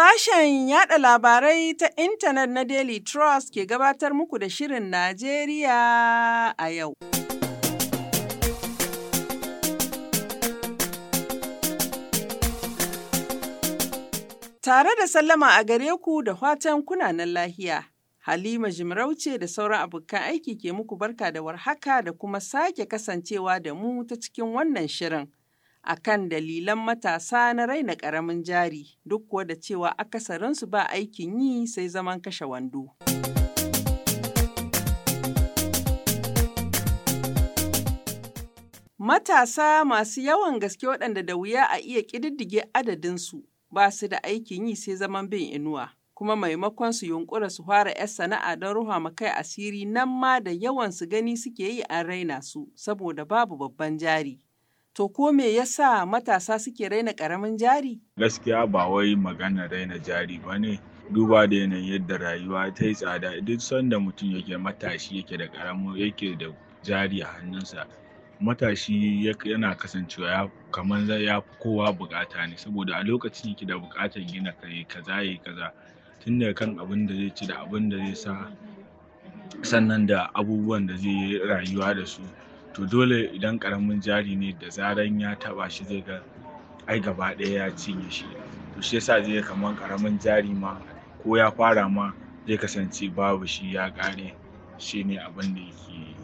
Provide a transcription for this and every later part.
Sashen yaɗa labarai ta intanet na Daily Trust ke gabatar muku da Shirin Najeriya a yau. Tare da sallama a gare ku da fatan kunanan lahiya. Halima Jimarauce da sauran abokan aiki ke muku barka da warhaka da kuma sake kasancewa da mu ta cikin wannan shirin. a kan dalilan matasa na raina ƙaramin jari duk kuwa da cewa akasarinsu ba aikin yi sai zaman kashe wando. Matasa masu yawan gaske waɗanda da wuya a iya ƙididdige adadinsu ba su da aikin yi sai zaman bin inuwa. kuma maimakon su yunkura su fara 'yar sana'a don ruha ma kai asiri nan ma da yawan su gani suke yi an raina su saboda babu babban jari. To ko me yasa matasa suke raina ƙaramin jari? Gaskiya ba wai magana raina jari ba ne. Duba da yanayin yadda rayuwa ta yi tsada duk sanda mutum yake matashi yake da ƙaramin yake da jari a hannunsa. Matashi yana kasancewa kamar ya fi kowa bukata ne saboda a lokacin yake da buƙatar gina kai kaza ya yi kaza tun da kan abin da zai ci da abin da zai sa sannan da abubuwan da zai yi rayuwa da su. to dole idan ƙaramin jari ne da zaran ya taɓa shi zai ga ai gaba ɗaya ya cinye shi to shi yasa zai kamar ƙaramin jari ma ko ya fara ma zai kasance babu shi ya ƙare shi ne abin da yake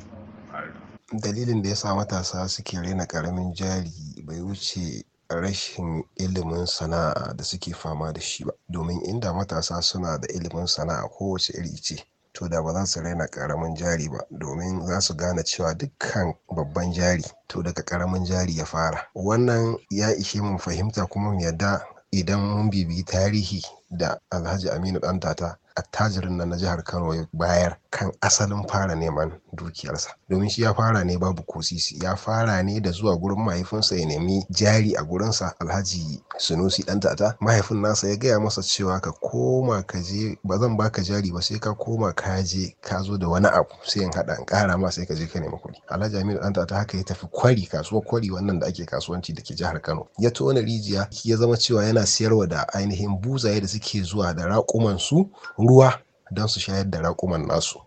faruwa. dalilin da ya sa matasa suke rena ƙaramin jari bai wuce rashin ilimin sana'a da suke fama da shi ba domin inda matasa suna da ilimin sana'a kowace iri ce to da ba za su raina karamin jari ba domin za su gane cewa dukkan babban jari to daga karamin jari ya fara wannan ya ishe mun fahimta kuma mu yadda idan mun bibiyi tarihi da alhaji aminu ɗantata attajirin nan na jihar Kano ya bayar kan asalin fara neman dukiyarsa domin shi ya fara ne babu kosisi ya fara ne da zuwa gurin mahaifinsa ya nemi jari a gurinsa Alhaji Sunusi dan tata mahaifin nasa ya gaya masa cewa ka koma ka je ba zan baka jari ba sai ka koma ka je ka zo da wani abu sai in hada in kara ma sai ka je ka nemi kuɗi Alhaji Aminu dan tata haka ya tafi kwari kasuwar kwari wannan da ake kasuwanci da ke jihar Kano ya tona rijiya ya zama cewa yana siyarwa da ainihin buzaye da suke zuwa da raƙuman su ruwa don su shayar da raƙuman nasu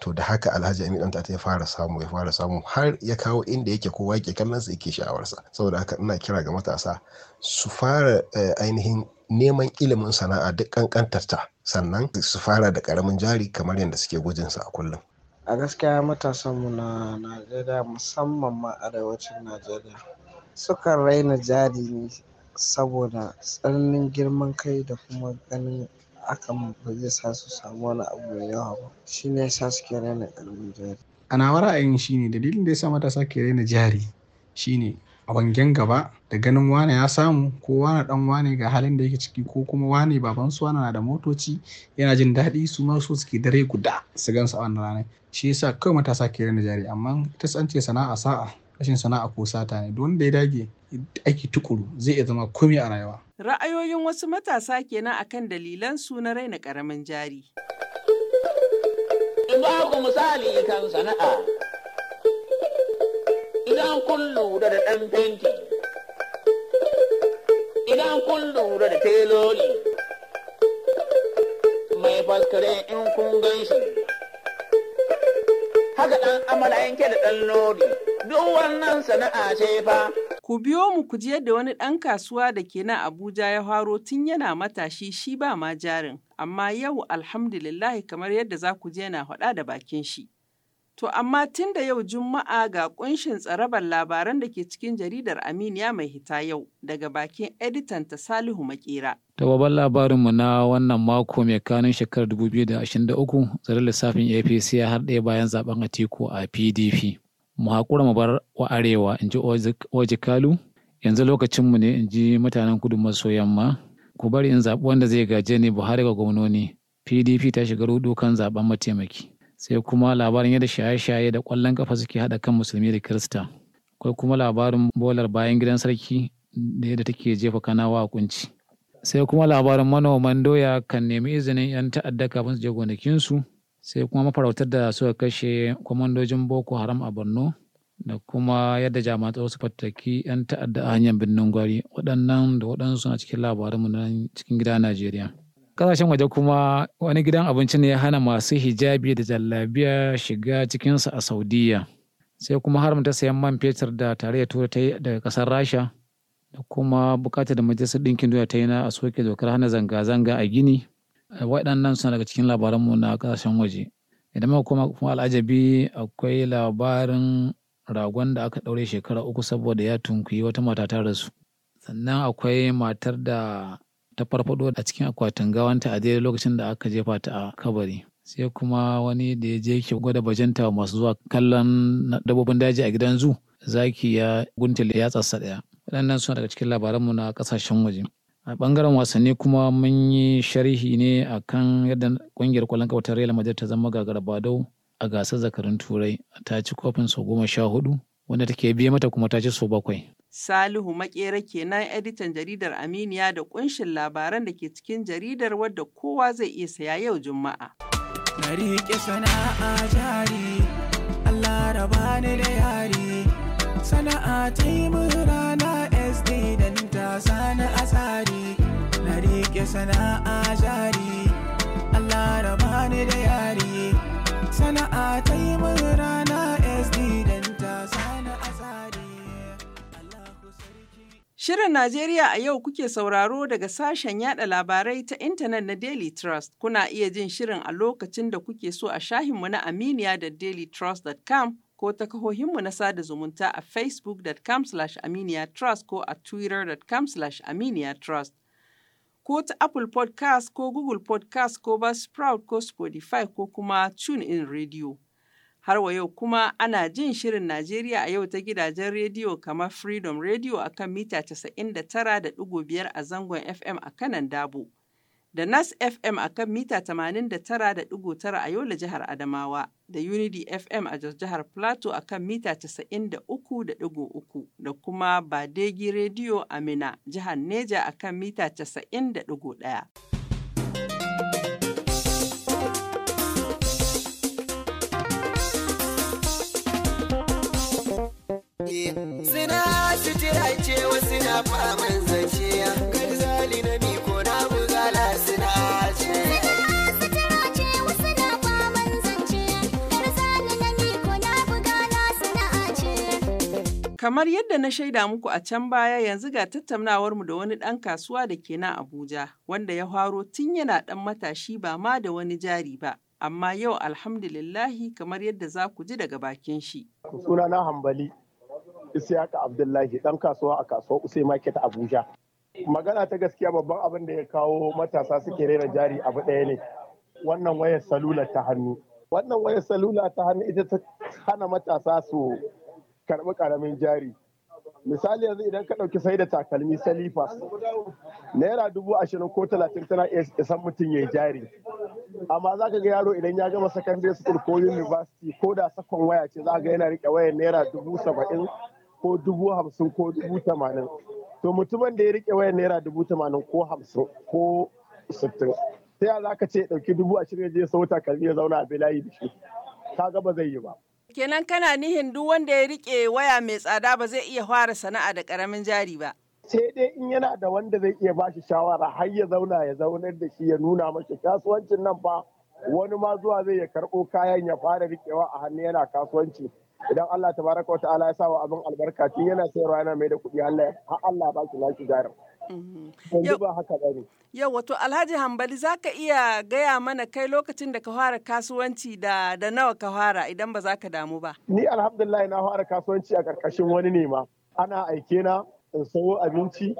to da haka alhaji amin dan tata ya fara samu ya fara samu har ya kawo inda yake kowa yake kallon sa yake sha'awarsa saboda haka ina kira ga matasa su fara eh, ainihin neman ilimin sana'a duk kankantarta sannan su fara da karamin jari kamar yadda suke sa a kullum a gaskiya matasan mu na najeriya musamman ma arewacin najeriya sukan raina jari ne saboda tsananin girman kai da kuma ganin hakan ba zai sa su samu wani abu mai yawa ba shi ne sa suke raina ƙaramin jari a nawa ra'ayin shine dalilin da ya sa matasa ke raina jari shine a wangen gaba da ganin wane ya samu ko wane dan wane ga halin da yake ciki ko kuma wane baban su wane na da motoci yana jin daɗi su ma so suke dare guda su gan su a wannan ranar shi yasa kawai matasa ke rana jari amma ita an ce sana'a sa'a rashin sana'a ko sata ne duk wanda ya dage aiki tukuru zai iya zama komai a rayuwa Ra'ayoyin wasu matasa kenan kan dalilan su na raina ƙaramin jari. Ba ku misali kan sana'a, idan kun lura da ɗan fenti, idan kun lura da teloli, mai faskare in kun gan shi, haka ɗan amala yanke da ɗan lori, duk wannan sana'a ce fa. Ku biyo mu ku ji yadda wani ɗan kasuwa da ke nan Abuja ya haro tun yana matashi shi ba ma jarin, amma yau alhamdulillahi kamar yadda za ku ji yana haɗa da bakin shi. To amma tun da yau Juma'a ga ƙunshin tsarabar labaran da ke cikin jaridar Aminiya mai hita yau daga bakin editan ta Salihu Makera. Tawaban labarinmu na wannan mako mai kanun shekarar 2023 zarar lissafin APC ya har ɗaya bayan zaben Atiku a PDP. mu haƙura mu bar wa arewa in ji ojikalu yanzu lokacinmu ne in ji mutanen kudu maso yamma ku bari in zaɓi wanda zai gaje ni buhari ga gwamnoni pdp ta shiga rudu kan zaɓen mataimaki sai kuma labarin yadda shaye-shaye da ƙwallon kafa suke haɗa kan musulmi da kirista akwai kuma labarin bolar bayan gidan sarki da yadda take jefa kanawa a kunci sai kuma labarin manoman doya kan nemi izinin 'yan ta'adda kafin su je gonakinsu sai kuma mafarautar da suka kashe kwamandojin boko haram a borno da kuma yadda jami'an su fataki 'yan ta'adda a hanyar birnin gwari waɗannan da waɗansu suna cikin labaranmu na cikin gida najeriya kasashen waje kuma wani gidan abinci ne ya hana masu hijabi da jallabiya shiga cikinsa a saudiya sai kuma haramta sayan man fetur da tare turai ta yi daga kasar rasha da kuma bukatar da majalisar ɗinkin duniya ta yi na a soke dokar hana zanga-zanga a gini Eh, waɗannan suna daga cikin labaranmu na ƙasashen waje. Idan ma kuma kuma al'ajabi akwai labarin ragon da aka ɗaure shekara uku saboda ya tunkuyi wata mata ta rasu. Sannan akwai matar da ta farfaɗo a cikin akwatin gawanta a daidai lokacin da aka jefa ta a kabari. Sai kuma wani da ya je yake gwada bajanta masu zuwa kallon dabbobin daji a gidan zu zaki ya guntule ya tsatsa ɗaya. Waɗannan suna daga cikin labaranmu na ƙasashen waje. a bangaren wasanni kuma mun yi sharhi ne a kan yadda kungiyar kwallon kafa ta Real Madrid ta zama gagarabadau a gasar zakarin turai ta ci kofin sau goma sha hudu wanda take biye mata kuma ta ci sau bakwai. Salihu Makera kenan editan jaridar Aminiya da kunshin labaran da ke cikin jaridar wadda kowa zai iya saya yau Juma'a. sana'a ta yi sana'a. sana'a jari Allah da bani da yari sana'a ta yi min rana SD dan ta a tsari. Shirin Najeriya a yau kuke sauraro daga sashen yada labarai ta intanet na Daily Trust. Kuna iya jin shirin a lokacin da kuke so a shahinmu na Aminiya da dailytrust.com ko ta kahohinmu na sada zumunta a facebook.com/aminiya trust ko a twitter.com/aminiya trust. ko ta Apple podcast ko Google podcast ko Buzzsprout ko Spotify ko kuma in Radio. Har wa yau kuma ana jin shirin Najeriya a yau ta gidajen rediyo kamar Freedom Radio akan kan mita 99.5 a zangon FM a kanan Dabo. da Nas FM a kan mita 89.9 a yau da jihar Adamawa, da Unity FM a Jos jihar Plateau a kan mita 93.3 da kuma Badegi Radio a jihar Neja a kan mita 90.1. Eh, Sina sutura ce wasu na faman Kamar yadda na shaida muku a can baya yanzu ga tattaunawarmu da wani ɗan kasuwa da ke nan Abuja wanda ya faro tun yana ɗan matashi ba ma da wani jari ba. Amma yau alhamdulillahi kamar yadda za ku ji daga bakin shi. Suna na hambali Isiyaka Abdullahi ɗan kasuwa a kasuwar Usai Market Abuja. Magana ta gaskiya babban abin da ya kawo matasa suke rera jari abu ɗaya ne. Wannan wayar salula ta hannu. Wannan wayar salula ta hannu ita ta hana matasa su karɓi ƙaramin jari misali yanzu idan ka ɗauki sai da takalmi salifas naira dubu ashirin ko talatin tana isan mutum ya jari amma za ka ga yaro idan ya gama secondary school ko university ko da sakon waya ce za ga yana riƙe wayar naira dubu saba'in ko dubu hamsin ko dubu tamanin to mutumin da ya riƙe wayar naira dubu tamanin ko hamsin ko sittin sai za ka ce ɗauki dubu ashirin ya je sau takalmi ya zauna a bilayi da shi ka ga ba zai yi ba Kenan kana nihin duk wanda ya rike waya mai tsada ba zai iya fara sana'a da karamin jari ba. Sai dai in yana da wanda zai iya bashi shawara har ya zauna ya zaunar da shi ya nuna masa kasuwancin nan fa wani ma zuwa zai ya karɓo kayan ya fara rikewa a hannu yana kasuwanci. Idan Allah tabaraka wa ta'ala ya sa wa abin albarka tun yana sayarwa yana mai da kuɗi Allah ya Allah ba shi lafiya. ba haka ba ne. Yau wato Alhaji Hambali za ka iya gaya mana kai lokacin da ka fara kasuwanci da nawa ka fara idan ba za ka damu ba. Ni alhamdulillah na fara kasuwanci a ƙarƙashin wani nema. Ana aike na in sayo abinci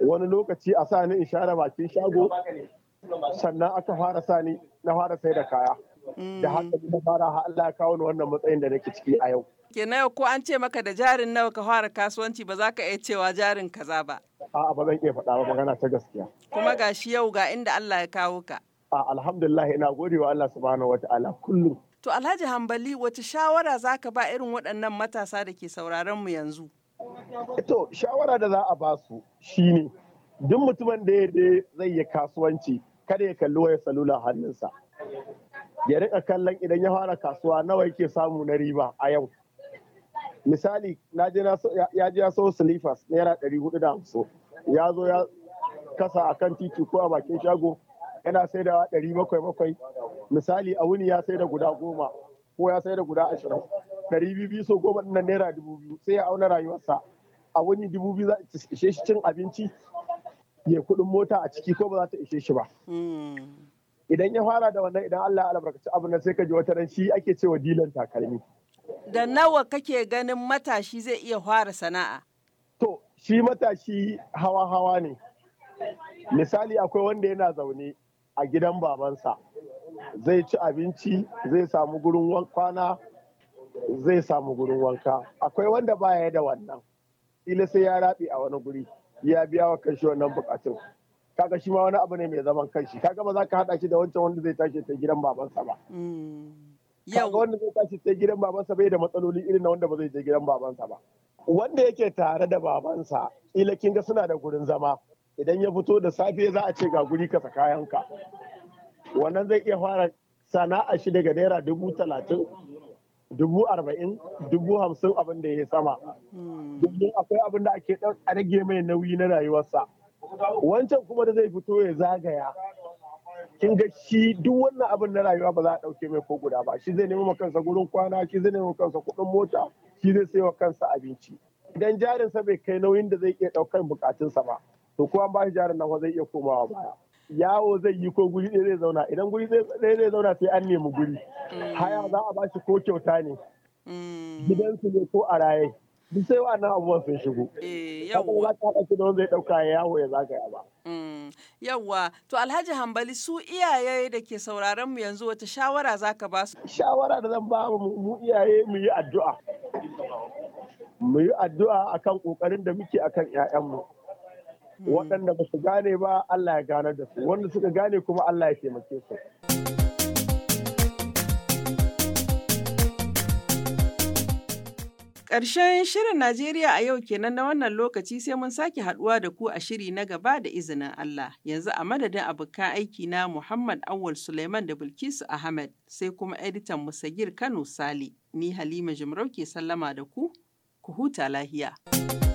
wani lokaci a sa ni in share bakin shago sannan aka fara sa ni na fara sai da kaya. Mm. Da haka na fara Allah kawo ni wannan matsayin da nake ciki a yau. Ke nawa ko an ce maka da jarin nawa ka fara kasuwanci ba za ka iya cewa jarin kaza ba. A'a ba zan iya faɗa ba magana ta gaskiya. Kuma ga shi yau ga inda Allah ya kawo ka. A alhamdulillah ina gode wa Allah subhanahu wa ta'ala kullum. To Alhaji Hambali wace shawara za ka ba irin waɗannan matasa da ke sauraron mu yanzu? To shawara da za a ba su shine duk mutumin da ya zai yi kasuwanci kada ya kalli waya salula hannunsa. Ya rika kallon idan ya fara kasuwa nawa yake samu na riba a yau. Misali, ya je ya so slippers naira ɗari hudu da hamsin. ya zo ya kasa a kan titi ko a bakin shago yana sai da ɗari bakwai bakwai misali a wuni ya sai da guda goma ko ya sai da guda ashirin ɗari biyu biyu so goma ɗinnan naira dubu biyu sai ya auna rayuwarsa a wuni dubu biyu za ta ishe shi cin abinci ya kuɗin mota a ciki ko ba za ta ishe shi ba hmm. idan ya fara da wannan idan Allah ya albarkaci abu nan sai ka ji wata ran shi ake cewa dilan takalmi da nawa kake ganin matashi zai iya fara sana'a shi matashi hawa-hawa ne misali akwai wanda yana zaune a gidan babansa zai ci abinci zai samu gurin kwana zai samu gurin wanka akwai wanda baya da wannan ila sai ya raɓe a wani guri ya biya wa kanshi wannan bukatun kaga shi ma wani abu ne mai zaman kanshi kaga ba za ka haɗa shi da wancan wanda zai tashi ta gidan babansa ba mm. Yau. wanda zai tashi sai gidan babansa bai da matsaloli irin na wanda ba zai je gidan babansa ba. Wanda yake tare da babansa, ila kinga suna da gurin zama. Idan ya fito da safe za a ce ga guri kasa kayanka. Wannan zai iya fara sana'a shi daga naira dubu talatin dubu arba'in dubu hamsin abin da ya sama hmm. dubu akwai abin da ake ɗan rage mai nauyi na rayuwarsa wancan kuma da zai fito ya zagaya kin ga shi duk wannan abin na rayuwa ba za a ɗauke mai ko guda ba shi zai nemi kansa gurin kwana shi zai nemi kansa kuɗin mota shi zai sayo kansa abinci idan jarinsa bai kai nauyin da zai iya ɗaukar bukatunsa ba to kuma an ba shi jarin nan zai iya komawa baya yawo zai yi ko guri ɗaya zai zauna idan guri ɗaya zai zauna sai an nemi guri mm. haya za a ba shi ko kyauta ne mm. gidansu ne ko a raye duk wa abu abubuwan sun shigo. Yawwa. Ba ta ɗauka ya yawo ya zagaya ba. Mm, Yawwa, to Alhaji Hambali su iyaye da ke sauraron mu yanzu wata shawara za ka ba su? Shawara da zan ba mu iyaye mu yi addu'a. Mu yi addu'a akan ƙoƙarin da muke a akan 'ya'yanmu. Mm. Waɗanda ba su gane ba Allah ya gane da su, wanda suka gane kuma Allah ya taimake su. Ƙarshen shirin Najeriya a yau kenan na wannan lokaci sai mun sake haɗuwa da ku a shiri na gaba da izinin Allah. Yanzu a madadin abokan aiki na Muhammad Awal Suleiman da Bilkisu Ahmed sai kuma editan Musagir Kano Sali. Ni Halima Jimarau ke sallama da ku, ku huta lahiya.